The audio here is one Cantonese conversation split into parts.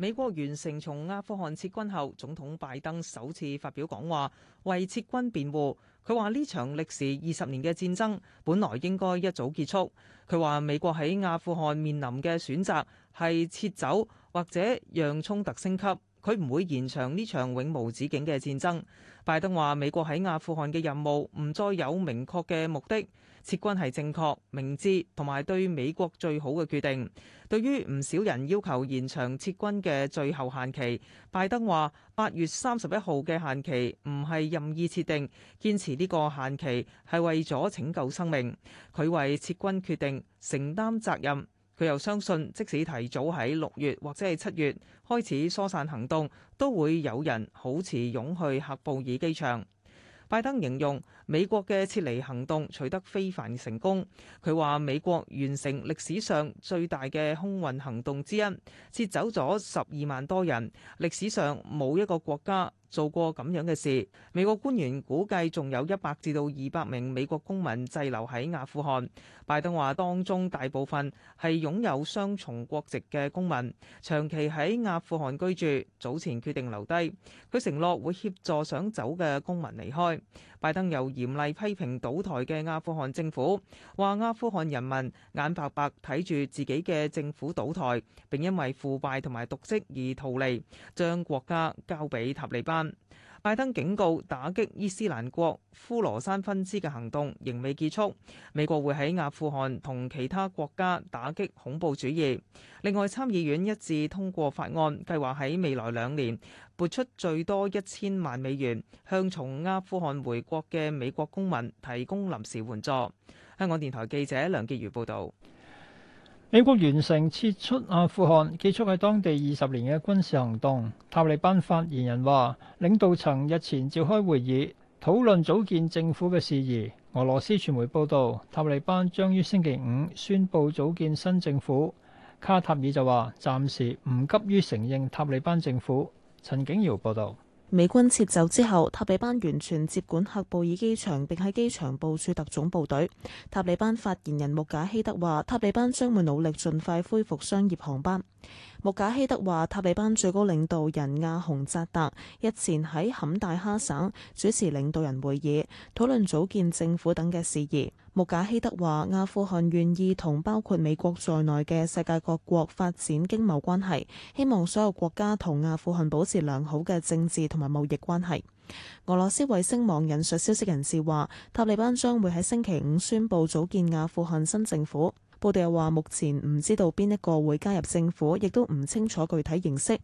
美國完成從阿富汗撤軍後，總統拜登首次發表講話，為撤軍辯護。佢話呢場歷時二十年嘅戰爭，本來應該一早結束。佢話美國喺阿富汗面臨嘅選擇係撤走，或者讓衝突升級。佢唔會延長呢場永無止境嘅戰爭。拜登話美國喺阿富汗嘅任務唔再有明確嘅目的。撤軍係正確、明智同埋對美國最好嘅決定。對於唔少人要求延長撤軍嘅最後限期，拜登話八月三十一號嘅限期唔係任意設定，堅持呢個限期係為咗拯救生命。佢為撤軍決定承擔責任。佢又相信，即使提早喺六月或者係七月開始疏散行動，都會有人好遲湧去喀布爾機場。拜登形容美國嘅撤離行動取得非凡成功。佢話：美國完成歷史上最大嘅空運行動之一，撤走咗十二萬多人。歷史上冇一個國家做過咁樣嘅事，美國官員估計仲有一百至到二百名美國公民滯留喺阿富汗。拜登話當中大部分係擁有雙重國籍嘅公民，長期喺阿富汗居住，早前決定留低。佢承諾會協助想走嘅公民離開。拜登又嚴厲批評倒台嘅阿富汗政府，話阿富汗人民眼白白睇住自己嘅政府倒台，並因為腐敗同埋瀆職而逃離，將國家交俾塔利班。拜登警告，打擊伊斯蘭國呼羅珊分支嘅行動仍未結束，美國會喺阿富汗同其他國家打擊恐怖主義。另外，參議院一致通過法案，計劃喺未來兩年撥出最多一千萬美元，向從阿富汗回國嘅美國公民提供臨時援助。香港電台記者梁潔如報導。美國完成撤出阿富汗，結束喺當地二十年嘅軍事行動。塔利班發言人話：領導層日前召開會議，討論組建政府嘅事宜。俄羅斯傳媒報導，塔利班將於星期五宣佈組建新政府。卡塔爾就話：暫時唔急於承認塔利班政府。陳景堯報導。美軍撤走之後，塔利班完全接管喀布爾機場，並喺機場部署特種部隊。塔利班發言人穆賈希德話：塔利班將會努力盡快恢復商業航班。穆賈希德話：塔利班最高領導人阿洪扎達日前喺坎大哈省主持領導人會議，討論組建政府等嘅事宜。穆賈希德話：阿富汗願意同包括美國在內嘅世界各國發展經貿關係，希望所有國家同阿富汗保持良好嘅政治同埋貿易關係。俄羅斯衛星網引述消息人士話：塔利班將會喺星期五宣布組建阿富汗新政府。布迪又話：目前唔知道邊一個會加入政府，亦都唔清楚具體形式。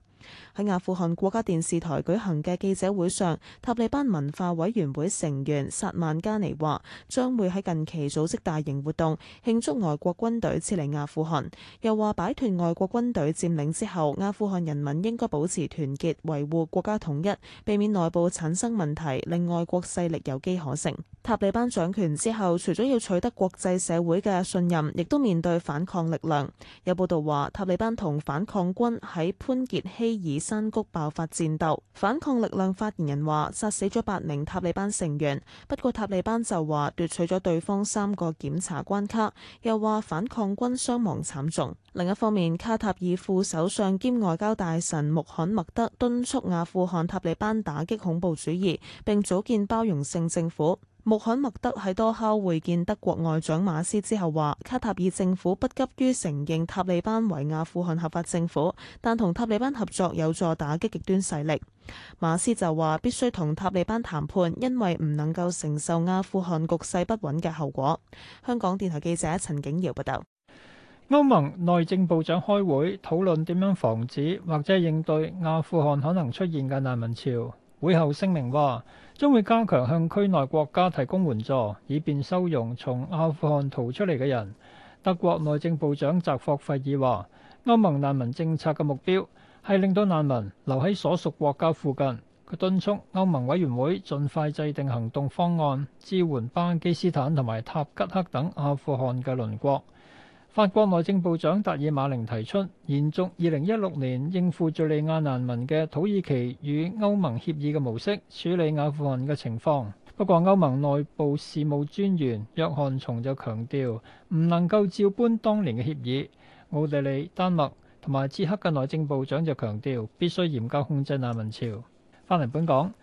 喺阿富汗國家電視台舉行嘅記者會上，塔利班文化委員會成員薩曼加尼話：將會喺近期組織大型活動慶祝外國軍隊撤離阿富汗。又話擺脫外國軍隊佔領之後，阿富汗人民應該保持團結，維護國家統一，避免內部產生問題令外國勢力有機可乘。塔利班掌權之後，除咗要取得國際社會嘅信任，亦都面對反抗力量。有報道話，塔利班同反抗軍喺潘傑希以山谷爆發戰鬥，反抗力量發言人話殺死咗八名塔利班成員。不過塔利班就話奪取咗對方三個檢察查關卡，又話反抗軍傷亡慘重。另一方面，卡塔爾副首相兼外交大臣穆罕默德敦促阿富汗塔利班打擊恐怖主義，並組建包容性政府。穆罕默德喺多哈會見德國外長馬斯之後話，卡塔爾政府不急於承認塔利班為阿富汗合法政府，但同塔利班合作有助打擊極端勢力。馬斯就話，必須同塔利班談判，因為唔能夠承受阿富汗局勢不穩嘅後果。香港電台記者陳景瑤報道。歐盟內政部長開會討論點樣防止或者應對阿富汗可能出現嘅難民潮。會後聲明話，將會加強向區內國家提供援助，以便收容從阿富汗逃出嚟嘅人。德國內政部長澤霍費爾話，歐盟難民政策嘅目標係令到難民留喺所屬國家附近。佢敦促歐盟委員會盡快制定行動方案，支援巴基斯坦同埋塔吉克等阿富汗嘅鄰國。法國內政部長達爾馬寧提出延續二零一六年應付敍利亞難民嘅土耳其與歐盟協議嘅模式，處理阿富汗嘅情況。不過，歐盟內部事務專員約翰松就強調，唔能夠照搬當年嘅協議。奧地利、丹麥同埋捷克嘅內政部長就強調，必須嚴格控制難民潮。翻嚟本港。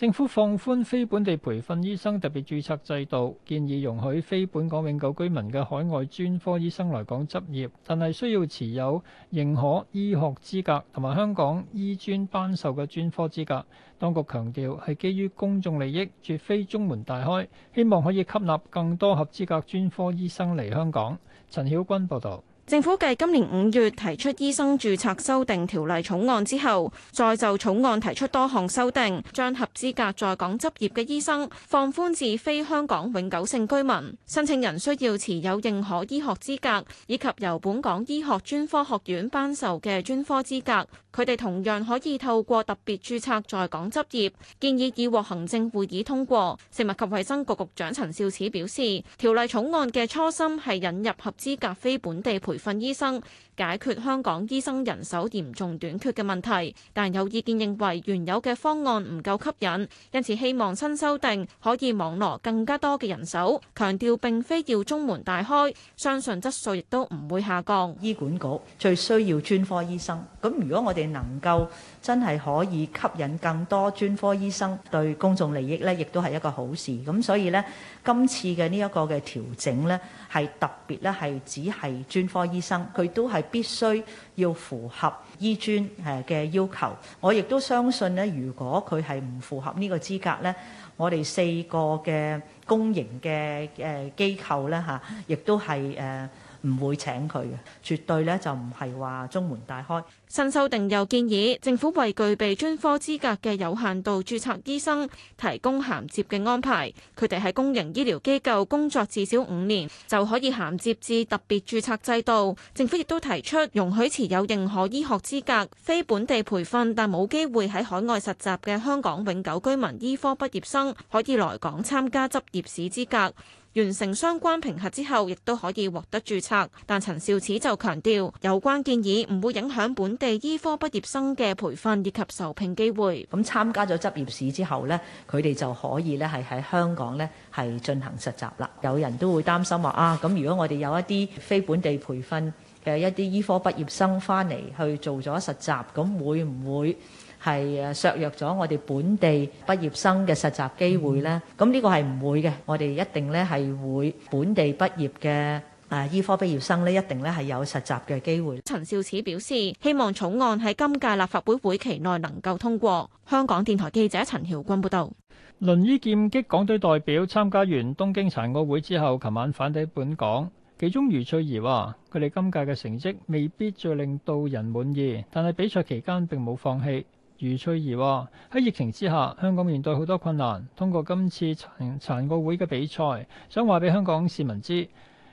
政府放寬非本地培訓醫生特別註冊制度，建議容許非本港永久居民嘅海外專科醫生來港執業，但係需要持有認可醫學資格同埋香港醫專頒授嘅專科資格。當局強調係基於公眾利益，絕非中門大開，希望可以吸納更多合資格專科醫生嚟香港。陳曉君報道。政府繼今年五月提出醫生註冊修訂條例草案之後，再就草案提出多項修訂，將合資格在港執業嘅醫生放寬至非香港永久性居民。申請人需要持有認可醫學資格，以及由本港醫學專科學院頒授嘅專科資格。佢哋同樣可以透過特別註冊在港執業。建議已獲行政會議通過。食物及衛生局局長陳肇始表示，條例草案嘅初心係引入合資格非本地培份醫生，解決香港醫生人手嚴重短缺嘅問題，但有意見認為原有嘅方案唔夠吸引，因此希望新修訂可以網羅更加多嘅人手。強調並非要中門大開，相信質素亦都唔會下降。醫管局最需要專科醫生，咁如果我哋能夠真係可以吸引更多專科醫生對公眾利益呢，亦都係一個好事。咁所以呢，今次嘅呢一個嘅調整呢，係特別咧係只係專科醫生，佢都係必須要符合醫專誒嘅要求。我亦都相信呢，如果佢係唔符合呢個資格呢，我哋四個嘅公營嘅誒機構呢，嚇，亦都係誒唔會請佢嘅，絕對咧就唔係話中門大開。新修訂又建議政府為具備專科資格嘅有限度註冊醫生提供銜接嘅安排，佢哋喺公營醫療機構工作至少五年就可以銜接至特別註冊制度。政府亦都提出容許持有認可醫學資格、非本地培訓但冇機會喺海外實習嘅香港永久居民醫科畢業生可以來港參加執業試資格。完成相關評核之後，亦都可以獲得註冊。但陳肇始就強調，有關建議唔會影響本地醫科畢業生嘅培訓以及受聘機會。咁參加咗執業試之後呢，佢哋就可以咧係喺香港呢係進行實習啦。有人都會擔心話啊，咁如果我哋有一啲非本地培訓嘅一啲醫科畢業生翻嚟去做咗實習，咁會唔會？係誒削弱咗我哋本地畢業生嘅實習機會咧。咁呢個係唔會嘅，我哋一定咧係會本地畢業嘅誒醫科畢業生咧，一定咧係有實習嘅機會。陳肇始表示，希望草案喺今屆立法會會期內能夠通過。香港電台記者陳曉君報導。輪椅劍擊港隊代表參加完東京殘奧會之後，琴晚返抵本港。其中余翠怡話：佢哋今屆嘅成績未必最令到人滿意，但係比賽期間並冇放棄。余翠怡話：喺疫情之下，香港面對好多困難，通過今次殘殘奧會嘅比賽，想話俾香港市民知，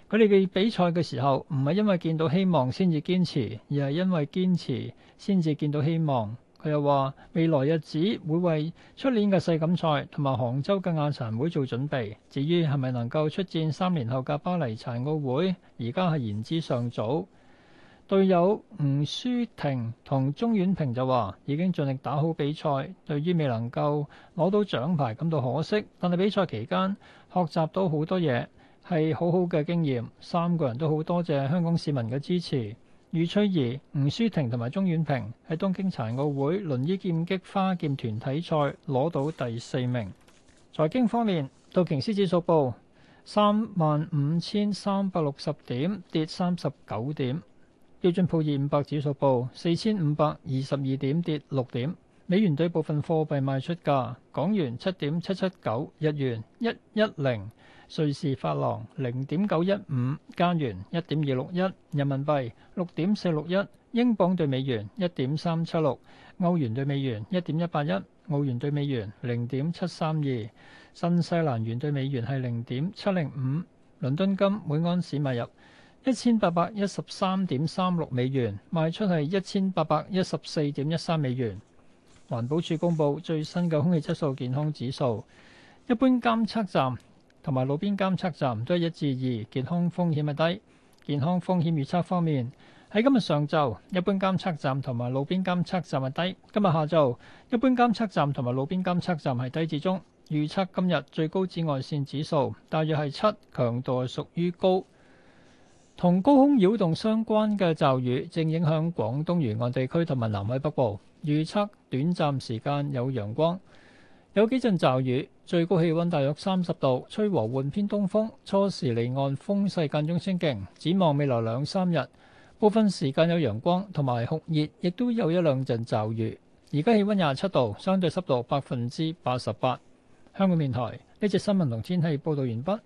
佢哋嘅比賽嘅時候，唔係因為見到希望先至堅持，而係因為堅持先至見到希望。佢又話未來日子會為出年嘅世錦賽同埋杭州嘅亞殘會做準備，至於係咪能夠出戰三年後嘅巴黎殘奧會，而家係言之尚早。隊友吳舒婷同鍾婉萍就話：已經盡力打好比賽，對於未能夠攞到獎牌感到可惜，但係比賽期間學習到好多嘢，係好好嘅經驗。三個人都好多謝香港市民嘅支持。余翠怡、吳舒婷同埋鍾婉萍喺東京殘奧會輪椅劍擊花劍團體賽攞到第四名。財經方面，道瓊斯指數報三萬五千三百六十點，跌三十九點。標準普爾五百指數報四千五百二十二點，跌六點。美元對部分貨幣賣出價：港元七點七七九，日元一一零，瑞士法郎零點九一五，加元一點二六一，人民幣六點四六一，英鎊對美元一點三七六，歐元對美元一點一八一，澳元對美元零點七三二，新西蘭元對美元係零點七零五。倫敦金每安士買入，一千八百一十三點三六美元，賣出係一千八百一十四點一三美元。環保署公布最新嘅空氣質素健康指數，一般監測站同埋路邊監測站都係一至二，健康風險係低。健康風險預測方面，喺今日上晝，一般監測站同埋路邊監測站係低；今日下晝，一般監測站同埋路邊監測站係低至中。預測今日最高紫外線指數大約係七，強度係屬於高。同高空擾動相關嘅驟雨正影響廣東沿岸地區同埋南海北部，預測短暫時間有陽光，有幾陣驟雨，最高氣温大約三十度，吹和緩偏東風，初時離岸風勢間中清勁。展望未來兩三日，部分時間有陽光同埋酷熱，亦都有一兩陣驟雨。而家氣温廿七度，相對濕度百分之八十八。香港電台呢則、這個、新聞同天氣報導完畢。